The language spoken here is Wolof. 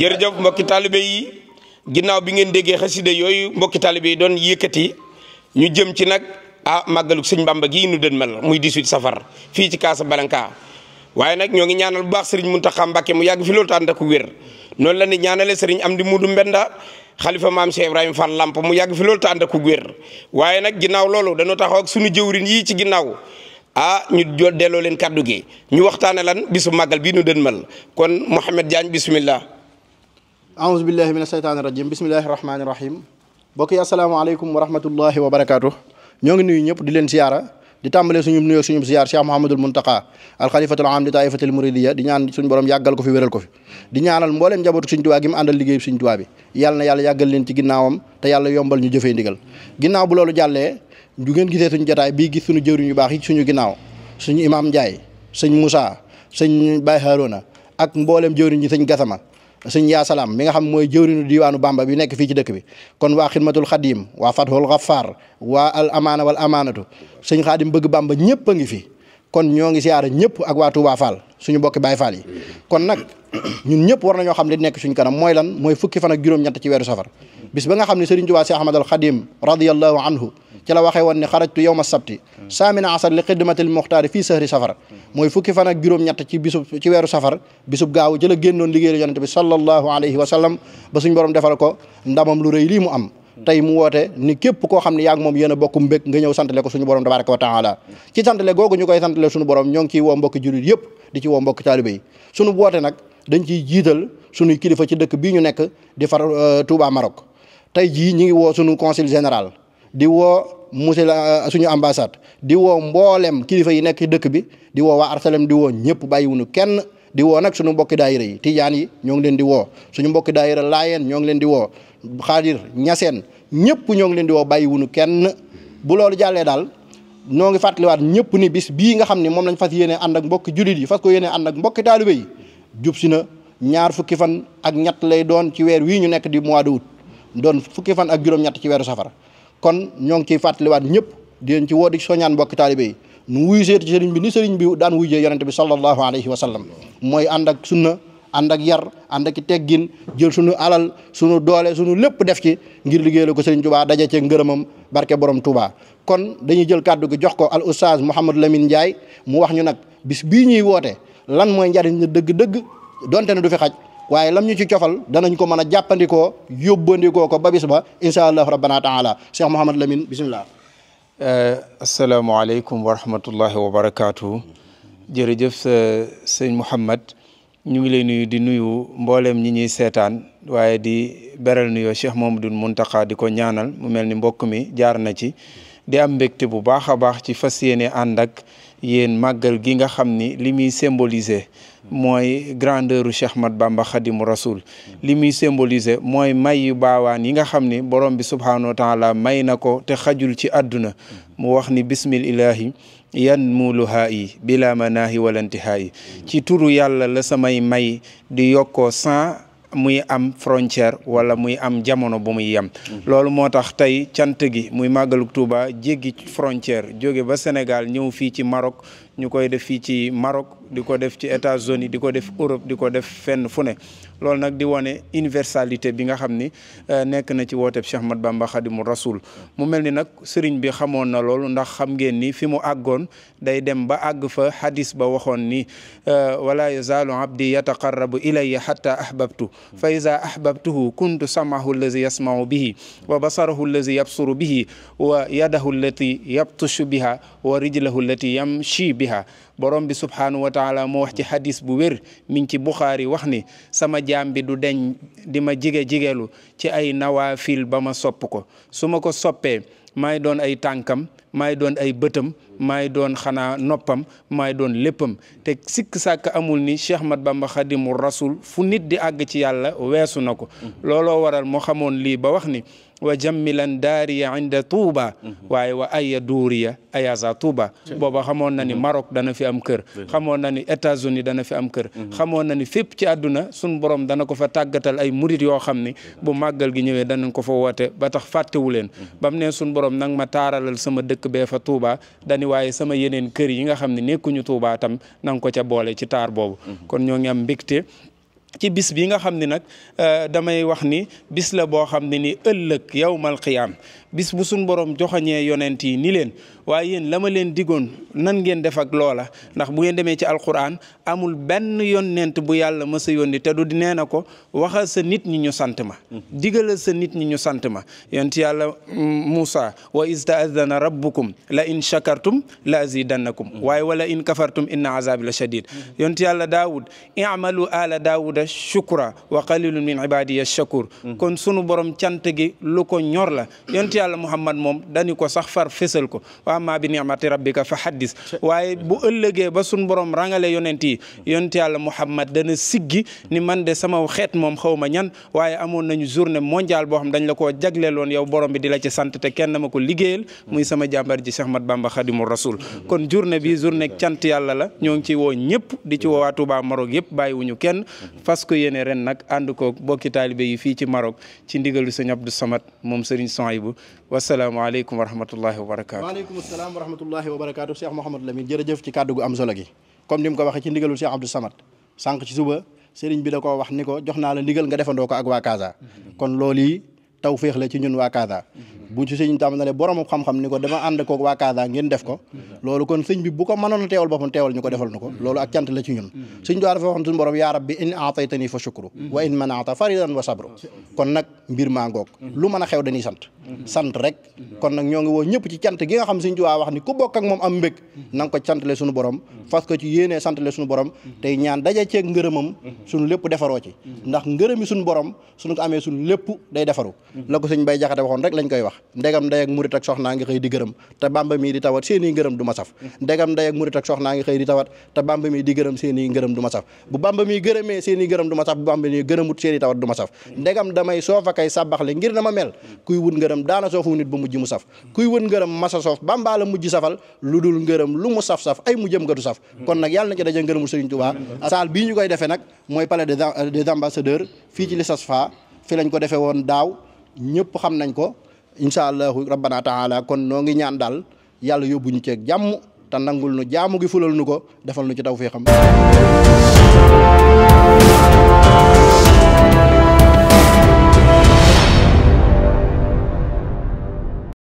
jërëjëf mbokki taalibe yi ginnaaw bi ngeen déggee xaside yooyu mbokki taalibe yi doon yëkkati ñu jëm ci nag ah màggalu sëñ Bamba gii nu dën mel muy 18 safar fii ci Casablanca waaye nag ñoo ngi ñaanal bu baax sëriñ Mountakha Mbacké mu yàgg fi loolu tànn ak wér noonu la ni ñaanale sëriñ Amdi Mudu Mbenda xalifa maam Cheikh Ibrahima Fall Lamp mu yàgg fi loolu tànn ak wér waaye nag ginnaaw loolu dañoo taxaw ak suñu jëwrin yii ci ginnaaw ah ñu jo delloo leen kaddu gi ñu waxtaane lan bisu màggal bii nu dënmal kon Mouhamed Diagne bismillah aouzu billahi a sheytaani rajim bismillahi rahmaani rahim mbokk yi asalaamaaleykum wa rahmatullahi wa barakaatu ñoo ngi nuyu ñëpp di leen siyaara di tàmbalee suñu nuyoo suñu siyaar Cheikh Mouhamadul Muntaqa alxalifatul am di taifatil muridiya di ñaan suñu borom yàggal ko fi wéral ko fi di ñaanal mbooleem njabootu suñ tubaa gi mu àndal liggéey suñ tubaa bi yàlla na yàlla yàggal leen ci ginnaawam te yàlla yombal ñu jëfee ndigal ginnaaw bu loolu jàllee du ngeen gisee suñu jotaay bii gis suñu jëwriñ yu baax yi suñu ginnaaw suñu imaam Njaay sëñ Moussa sëñ Baye Haruna ak mbooleem jëwriñ yi sëñ sëñ yaa salaam mi nga xam mooy jëwriñu diwaanu Bamba bi nekk fii ci dëkk bi kon waa xidmatul xadim waa fathul xafaar waa al amaana wal amaanatu sëñ xaadim bëgg Bamba ñëpp a ngi fi kon ñoo ngi siyaara ñëpp ak waa Touba suñu bokki baay Fall yi kon nag ñun ñëpp war nañoo xam li nekk suñ kanam mooy lan mooy fukki fan ak juróom-ñett ci weeru safar bis ba nga xam ne sëriñ Tuubaa si Ahmadal Xadim radiyallahu anhu ci la waxee woon ne xarajtu yawma sabti saamina asar li xidmatil muxtaari fii sahri safar mooy fukki fan juróom-ñett ci weeru safar bisub gaaw ci la génnoon liggéeyal yonente bi sallallahu alayhi wa sallam ba suñ borom defal ko ndamam lu rëy mu am tey mu woote ni képp koo xam ne yaag moom yéen a bokkum mbég ñëw santale ko suñu borom tabaraka wa taala ci santale googu ñu koy santale suñu borom ñoo ngi ciy woo mbokki julit yëpp di ci woo mbokki nag dañ ciy jiital suñuy kilifa ci dëkk bii ñu nekk di far euh, Touba Maroc tey jii ñi ngi woo suñu conseil général di woo monsieur la euh, suñu ambassade di woo mboolem kilifa yi nekk dëkk bi di woo waa Arsalem di woo ñëpp bàyyiwuñu kenn di woo nag suñu mbokki daayira yi tijaan yi ñoo ngi leen di woo suñu mbokki daayira laayeen ñoo ngi leen di woo xaadir ñaseen ñëpp ñoo ngi leen di woo bàyyi bàyyiwuñu kenn bu loolu jàllee daal ñoo ngi fàttaliwaat ñëpp ni bis bii nga xam ne moom lañ fas yéene ànd ak mbokki jullit yi fas ko yéene ànd ak mbokki taalibe yi jub si na ñaar fukki fan ak ñett lay doon ci wii ñu nekk di mois d'août doon fukki fan ak juróom ci weeru safara kon ñoo ngi ciy fàttaliwaat ñëpp di leen ci woo di soñaan mbokki taalibe yi nu wuy seeti ci sëriñ bi ni sëriñ bi daan wuyjee yonente bi sallallahu alayhi wa sallam mooy ànd ak sunna ànd ak yar ànd ak teggin jël suñu alal sunu doole suñu lépp def ci ngir liggéeyal ko sëriñ Touba daje ci ngërëmam barke borom Touba. kon dañuy jël kàddu gi jox ko al oustaz Mouhamadou lemin Ndiaye mu wax ñu nag bis bii ñuy woote lan mooy njariñ dëgg-dëgg donte ne du fi xaj. waaye lam ñu ci cofal danañ ko mën a jàppandikoo yóbbandikoo ko ba bis ba incha allahu rabbana taala cheikh mouhamad lamine bisimilah eh, asalaamaaleykum wa rahmatullahi wa barakaatu jërëjëf sëñ mouhamad ñu ngi lay nuyu di nuyu mbooleem ñi ñuy seetaan waaye di beral nuyoo Cheikh Mamadou Mountakha di ko ñaanal mu mel ni mbokk mi jaar na ci di am mbégte bu baax a baax ci fas yéene ànd ak yéen màggal gi nga xam ni li muy symboliser mooy grandeur u Cheikh Mat Bamba Xadimu Rasul li muy symboliser mooy may yu baawaan yi nga xam ni borom bi subhaanahu wa taala may na ko te xajul ci àdduna mu wax ni bismil ilahi yan muuluhaa yi bila manaahi walantihaa yi ci turu yàlla la samay may di yokkoo sans muy am frontière wala muy am jamono bu muy yem loolu moo tax tey cant gi muy màggaluk Tuuba jéggi frontière jóge ba Sénégal ñëw fii ci Maroc ñu koy def fii ci Maroc di ko def ci États-Unis di ko def Europe di ko def fenn fu ne loolu nag di wane universalité bi nga xam ni euh, nekk na ci wooteeb Cheikh Ahmad Bamba Xadimu Rasul mu mel ni nag sëriñ bi xamoon na loolu ndax xam ngeen ni fi mu àggoon day dem ba àgg fa hadis ba waxoon ni euh, wala yazaalu abdi yataqarrabu ilayya hatta ahbabtu fa iza ahbabtuhu kuntu samahu allazi yasmau bihi wa basarahu allazi yabsuru bihi wa yadahu allati yabtushu biha wa biha borom bi subhaanahu wa taala moo wax ci hadis bu wér mi ngi ci Buxaari wax ni sama jaam bi du deñ di ma jige-jigelu ci ay nawaafil ba ma sopp ko su ma ko soppee maay doon ay tànkam maay doon ay bëtam maay doon xanaa noppam maay doon léppam te sikk sàkk amul ni Cheikh Ahmad Bamba Xadimu Rasul fu nit di àgg ci yàlla weesu na ko looloo waral moo xamoon lii ba wax ni wa jammilan daariya inda tuuba mhm. waaye wa aya duuriya ayaza tuuba booba xamoon na ni Maroc dana fi am kër xamoon na ni États-Unis dana fi am kër mhm. xamoon na ni fépp ci àdduna suñ borom dana ko fa tàggatal ay murit yoo xam ni bu màggal gi ñëwee danañ ko fa woote ba tax fàttewu leen mhm. ba ne suñ boroom nag ma taaralal sama dëkk bee fa Touba dani waaye sama yeneen kër yi nga xam ne nekkuñu Touba tam nanga ko ca boole ci taar boobu mhm. kon ñoo ngi am mbégte ci bis bi nga xam ni nag euh, damay wax ni bis la boo xam ne ni ëllëg yawmal qiyaam bis bu suñ borom joxoñee yonent yi ni leen waaye yéen la ma leen digoon nan ngeen def ak loola ndax bu ngeen demee ci alquran amul benn yonent bu yàlla ma sa yónni te du nee na ko waxal sa nit ñi ñu sant ma digalal sa nit ñi ñu sant ma yonent yàlla mm, Muusa wa iz ta'adhana rabbukum la in shakartum la azidannakum waaye wala in kafartum inna azabi la shadid mm-hmm. yàlla daawud i'malu shukura wa qalilun min ibadiya shakur kon sunu borom cant gi lu ko ñor la yonent yàlla muhammad moom dañu ko sax far fésal ko wa amma bi ni'mati rabbika fa haddis waaye bu ëllëgee ba sunu borom rangale yonent yi yonent yàlla muhammad dana siggi ni man de sama xeet moom xaw ma ñan waaye amoon nañu journée mondiale boo xam dañ la koo jagleeloon yow borom bi di la ci sant te kenn ma ko liggéeyal muy sama jàmbar ji Cheikh Ahmad Bamba Khadimu Rasul kon journée bi journée cant yàlla la ñoo ngi ci woo ñëpp di ci woowaa Touba Maroc yëpp fas ko yéene ren nag ànd ko bokki taalibe yi fii ci Maroc ci ndigalu sëñ Abdou Samad moom sëriñ Souhaïbou wasalaamaaleykum wa rahmatullahi wa barakaatu. waaleykum salaam wa rahmatullahi wa barakaatu Cheikh Mouhamadou Lamine jërëjëf ci kàddu gu am solo gi comme ni ko waxee ci ndigalul Cheikh Abdou Samad sànq ci suba sëriñ bi da koo wax ni ko jox naa la ndigal nga defandoo ko ak waa Casa mhm. kon loolu taw tawféex la ci ñun waa bu ci sëñ tam ne borom xam-xam ni ko dama ànd koog waa Kaasa ngeen def ko loolu kon sëñ bi bu ko mënoon a teewal boppam teewal ñu ko defal na ko loolu ak cant la ci ñun sëñ dowa dafa waxoon suñu borom yaa rabbi in aataytani ñoo ngi woo ñëpp ci cant gi nga xam sëñ Tuubaa wax ni ku bokk ak moom am mbég na nga ko cantale suñu borom fas ko ci yéenee santale suñu borom tey ñaan daja ceeg ngërëmam suñu lépp defaroo ci ndax ngërëmi suñu borom suñu ko amee suñu lépp day defaru la ko sëñ Bay Jaxate waxoon rek lañ koy wax ndegam ndey ak murit ak soxnaa nga xëy di gërëm te bamba di tawat seen i ngërëm du ma saf ndegam ndey ak murit ak soxnaa nga xëy di tawat te bamba mii di gërëm seen ngërëm du ma saf bu bamba mii gërëmee seen i ngërëm du ma saf bu bamba mii gërëmut seen i tawat du ma saf ndegam damay soof akay sàbbaxle ngir na ma mel kuy wut ngërëm daana soofu nit ba mujj mu saf kuy wut ngërëm masa soof bamba mujj safal lu dul ngërëm lu mu saf-saf ay mu jëm nga du saf kon nag yàlla na ci daje ngërëmul Sëriñ Tuubaa saal bii koy defee nag mooy fii ci Lisasfa fi lañ ko defee woon daaw ñëpp xam nañ ko incha allahu rabbana taala kon noo ngi ñaan daal yàlla yóbbuñu ceeg jàmm te nangul nu jaamu gi fulal nu ko defal nu ci xam